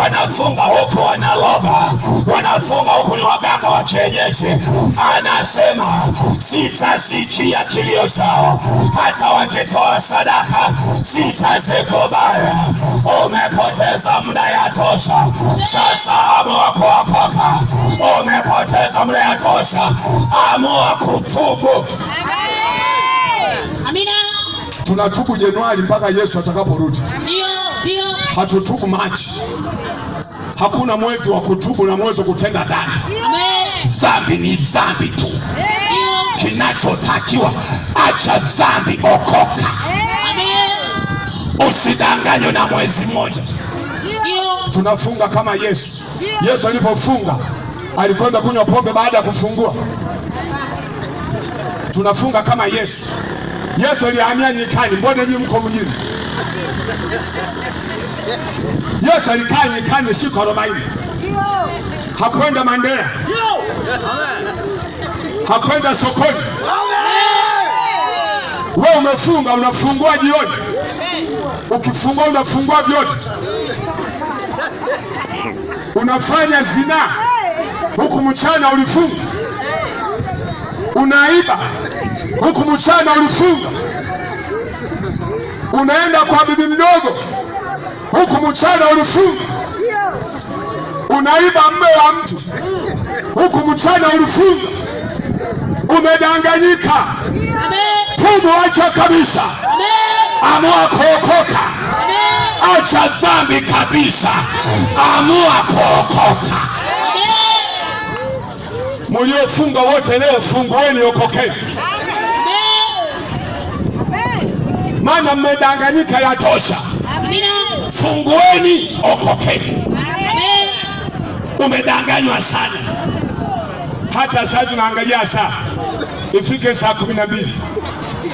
wanafunga huku wanaloba, wanafunga huku ni waganga wa kienyeji. Anasema sitasikia kilio chao, hata wakitoa sadaka sitazikubali. Umepoteza muda ya tosha sasa, amua kuokoka. Umepoteza muda ya tosha, amua kutubu. Amina. Tunatubu Januari mpaka Yesu atakaporudi. Ndio, ndio. Hatutubu Machi. Hakuna mwezi wa kutubu na mwezi wa kutenda dhambi. Dhambi ni dhambi tu. Kinachotakiwa acha dhambi, okoka. Usidanganywe na mwezi mmoja. Tunafunga kama Yesu. Yesu alipofunga alikwenda kunywa pombe baada ya kufungua. Tunafunga kama Yesu. Yesu alihamia nyikani, mbona nyinyi mko mjini? Yes, alikaa nyikani siku arobaini. Hakwenda Mandela, hakwenda sokoni. Wewe umefunga, unafungua jioni, ukifungua unafungua vyote, unafanya zinaa huku mchana ulifunga, unaiba huku mchana ulifunga unaenda kwa bibi mdogo, huku mchana ulifunga, unaiba mme wa mtu, huku mchana ulifunga, umedanganyika. Tubu, acha kabisa, amua kuokoka, acha dhambi kabisa, amua kuokoka. Mliofunga wote leo, fungueni, okokeni. maana mmedanganyika, ya tosha. Fungueni okokeni. Umedanganywa sana, hata saa tunaangalia saa ifike saa kumi na mbili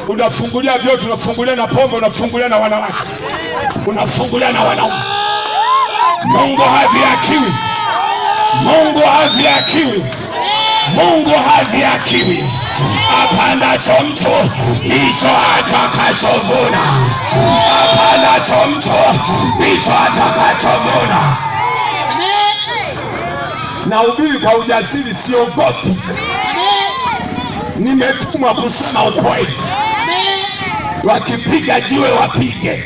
unafungulia vyote, unafungulia na pombe, unafungulia na wanawake, unafungulia na wanaume. Mungu hadhihakiwi, Mungu hadhihakiwi, Mungu hadhihakiwi apanacho mtu ndicho atakachovuna, apanacho mtu ndicho atakachovuna. Na ubiri kwa ujasiri, siogopi. Nimetumwa kusema ukweli, wakipiga jiwe wapige.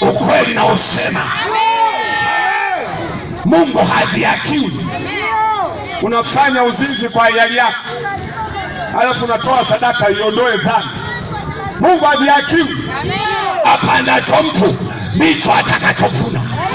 Ukweli na usema Mungu hadhihakiwi. Unafanya uzinzi kwa hiari yako alafu unatoa sadaka iondoe dhambi. Mungu aviakimu Apandacho mtu ndicho atakachovuna.